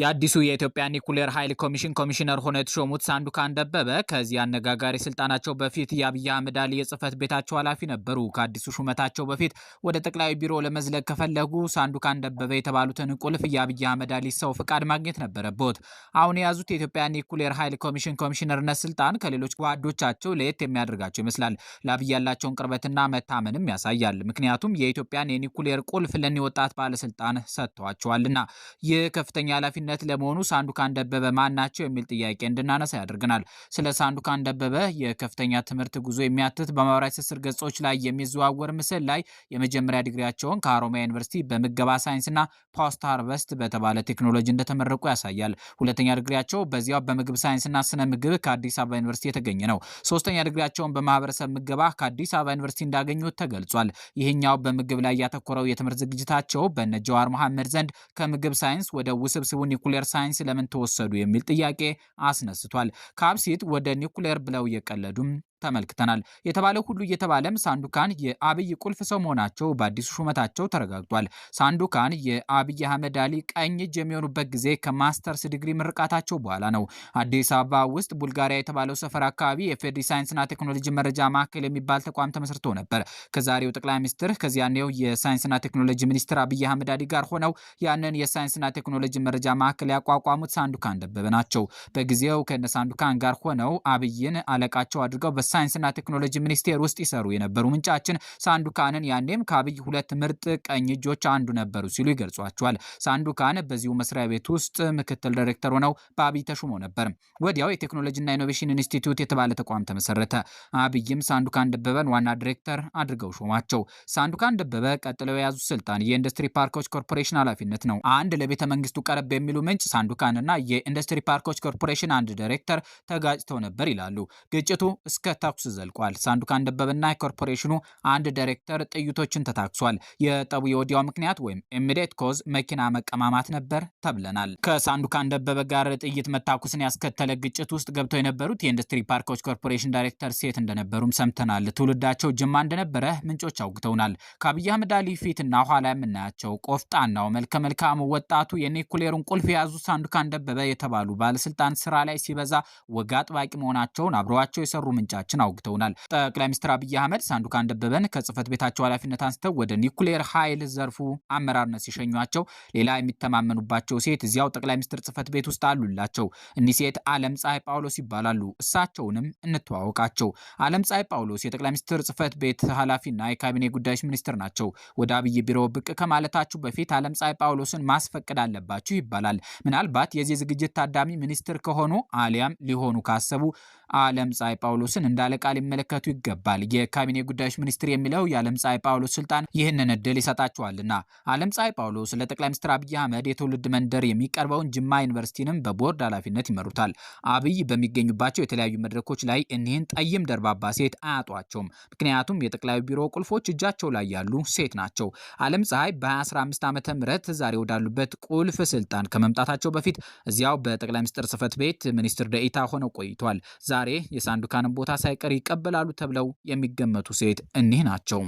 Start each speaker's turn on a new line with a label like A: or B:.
A: የአዲሱ የኢትዮጵያ ኒኩሌር ኃይል ኮሚሽን ኮሚሽነር ሆነው የተሾሙት ሳንዱካን ደበበ ከዚህ አነጋጋሪ ስልጣናቸው በፊት የአብይ አህመድ አሊ የጽህፈት ቤታቸው ኃላፊ ነበሩ። ከአዲሱ ሹመታቸው በፊት ወደ ጠቅላይ ቢሮ ለመዝለቅ ከፈለጉ ሳንዱካን ደበበ የተባሉትን ቁልፍ የአብይ አህመድ አሊ ሰው ፍቃድ ማግኘት ነበረበት። አሁን የያዙት የኢትዮጵያ ኒኩሌር ኃይል ኮሚሽን ኮሚሽነርነት ስልጣን ከሌሎች ጓዶቻቸው ለየት የሚያደርጋቸው ይመስላል። ለአብይ ያላቸውን ቅርበትና መታመንም ያሳያል። ምክንያቱም የኢትዮጵያን የኒኩሌር ቁልፍ ለኒ ወጣት ባለስልጣን ሰጥተዋቸዋልና ይህ ከፍተኛ ኃላፊ ኃላፊነት ለመሆኑ ሳንዱካን ደበበ ማን ናቸው የሚል ጥያቄ እንድናነሳ ያደርገናል። ስለ ሳንዱካን ደበበ የከፍተኛ ትምህርት ጉዞ የሚያትት በማህበራዊ ትስስር ገጾች ላይ የሚዘዋወር ምስል ላይ የመጀመሪያ ዲግሪያቸውን ከአሮሚያ ዩኒቨርሲቲ በምገባ ሳይንስና ፖስት ሃርቨስት በተባለ ቴክኖሎጂ እንደተመረቁ ያሳያል። ሁለተኛ ዲግሪያቸው በዚያው በምግብ ሳይንስና ስነ ምግብ ከአዲስ አበባ ዩኒቨርሲቲ የተገኘ ነው። ሶስተኛ ዲግሪያቸውን በማህበረሰብ ምገባ ከአዲስ አበባ ዩኒቨርሲቲ እንዳገኙት ተገልጿል። ይህኛው በምግብ ላይ ያተኮረው የትምህርት ዝግጅታቸው በነ ጀዋር መሐመድ ዘንድ ከምግብ ሳይንስ ወደ ውስብስቡን ኒኩሌር ሳይንስ ለምን ተወሰዱ የሚል ጥያቄ አስነስቷል። ካብሲት ወደ ኒኩሌር ብለው የቀለዱም ተመልክተናል። የተባለ ሁሉ እየተባለም ሳንዱካን የአብይ ቁልፍ ሰው መሆናቸው በአዲሱ ሹመታቸው ተረጋግጧል። ሳንዱካን የአብይ አህመድ አሊ ቀኝ እጅ የሚሆኑበት ጊዜ ከማስተርስ ዲግሪ ምርቃታቸው በኋላ ነው። አዲስ አበባ ውስጥ ቡልጋሪያ የተባለው ሰፈር አካባቢ የፌዴሪ ሳይንስና ቴክኖሎጂ መረጃ ማዕከል የሚባል ተቋም ተመስርቶ ነበር። ከዛሬው ጠቅላይ ሚኒስትር ከዚያኔው የሳይንስና ቴክኖሎጂ ሚኒስትር አብይ አህመድ አሊ ጋር ሆነው ያንን የሳይንስና ቴክኖሎጂ መረጃ ማዕከል ያቋቋሙት ሳንዱካን ደበበ ናቸው። በጊዜው ከነ ሳንዱካን ጋር ሆነው አብይን አለቃቸው አድርገው ሳይንስና ቴክኖሎጂ ሚኒስቴር ውስጥ ይሰሩ የነበሩ ምንጫችን ሳንዱካንን ያኔም ከአብይ ሁለት ምርጥ ቀኝ እጆች አንዱ ነበሩ ሲሉ ይገልጿቸዋል። ሳንዱካን በዚሁ መስሪያ ቤት ውስጥ ምክትል ዳይሬክተር ሆነው በአብይ ተሹሞ ነበር። ወዲያው የቴክኖሎጂና ኢኖቬሽን ኢንስቲትዩት የተባለ ተቋም ተመሰረተ። አብይም ሳንዱካን ደበበን ዋና ዲሬክተር አድርገው ሾማቸው። ሳንዱካን ደበበ ቀጥለው የያዙ ስልጣን የኢንዱስትሪ ፓርኮች ኮርፖሬሽን ኃላፊነት ነው። አንድ ለቤተ መንግስቱ ቀረብ የሚሉ ምንጭ ሳንዱካንና የኢንዱስትሪ ፓርኮች ኮርፖሬሽን አንድ ዳይሬክተር ተጋጭተው ነበር ይላሉ። ግጭቱ እስከ ተኩስ ዘልቋል። ሳንዱካን ደበበና የኮርፖሬሽኑ አንድ ዳይሬክተር ጥይቶችን ተታክሷል። የጠቡ የወዲያው ምክንያት ወይም ኢሚዲየት ኮዝ መኪና መቀማማት ነበር ተብለናል። ከሳንዱካን ደበበ ጋር ጥይት መታኩስን ያስከተለ ግጭት ውስጥ ገብተው የነበሩት የኢንዱስትሪ ፓርኮች ኮርፖሬሽን ዳይሬክተር ሴት እንደነበሩም ሰምተናል። ትውልዳቸው ጅማ እንደነበረ ምንጮች አውግተውናል። ከአብይ አህመድ አሊ ፊትና ኋላ የምናያቸው ቆፍጣናው መልከ መልካሙ ወጣቱ የኒኩሌሩን ቁልፍ የያዙ ሳንዱካን ደበበ የተባሉ ባለስልጣን ስራ ላይ ሲበዛ ወግ አጥባቂ መሆናቸውን አብረዋቸው የሰሩ ምንጫቸው ሀሳባችን አውግተውናል። ጠቅላይ ሚኒስትር አብይ አህመድ ሳንዱካን ደበበን ከጽህፈት ቤታቸው ኃላፊነት አንስተው ወደ ኒኩሌር ኃይል ዘርፉ አመራርነት ሲሸኟቸው ሌላ የሚተማመኑባቸው ሴት እዚያው ጠቅላይ ሚኒስትር ጽህፈት ቤት ውስጥ አሉላቸው። እኒህ ሴት አለም ፀሐይ ጳውሎስ ይባላሉ። እሳቸውንም እንተዋወቃቸው። አለም ፀሐይ ጳውሎስ የጠቅላይ ሚኒስትር ጽህፈት ቤት ኃላፊና የካቢኔ ጉዳዮች ሚኒስትር ናቸው። ወደ አብይ ቢሮ ብቅ ከማለታችሁ በፊት አለም ፀሐይ ጳውሎስን ማስፈቀድ አለባችሁ ይባላል። ምናልባት የዚህ ዝግጅት ታዳሚ ሚኒስትር ከሆኑ አሊያም ሊሆኑ ካሰቡ አለም ፀሐይ ጳውሎስን እንደ አለቃ ሊመለከቱ ይገባል። የካቢኔ ጉዳዮች ሚኒስትር የሚለው የዓለም ፀሐይ ጳውሎስ ስልጣን ይህንን እድል ይሰጣቸዋልና። ዓለም ፀሐይ ጳውሎስ ለጠቅላይ ሚኒስትር አብይ አህመድ የትውልድ መንደር የሚቀርበውን ጅማ ዩኒቨርሲቲንም በቦርድ ኃላፊነት ይመሩታል። አብይ በሚገኙባቸው የተለያዩ መድረኮች ላይ እኒህን ጠይም ደርባባ ሴት አያጧቸውም። ምክንያቱም የጠቅላዩ ቢሮ ቁልፎች እጃቸው ላይ ያሉ ሴት ናቸው። ዓለም ፀሐይ በ2015 ዓ ምህረት ዛሬ ወዳሉበት ቁልፍ ስልጣን ከመምጣታቸው በፊት እዚያው በጠቅላይ ሚኒስትር ጽህፈት ቤት ሚኒስትር ደኢታ ሆነው ቆይቷል። ዛሬ የሳንዱካንን ቦታ ሳይ ሳይቀር ይቀበላሉ ተብለው የሚገመቱ ሴት እኒህ ናቸው።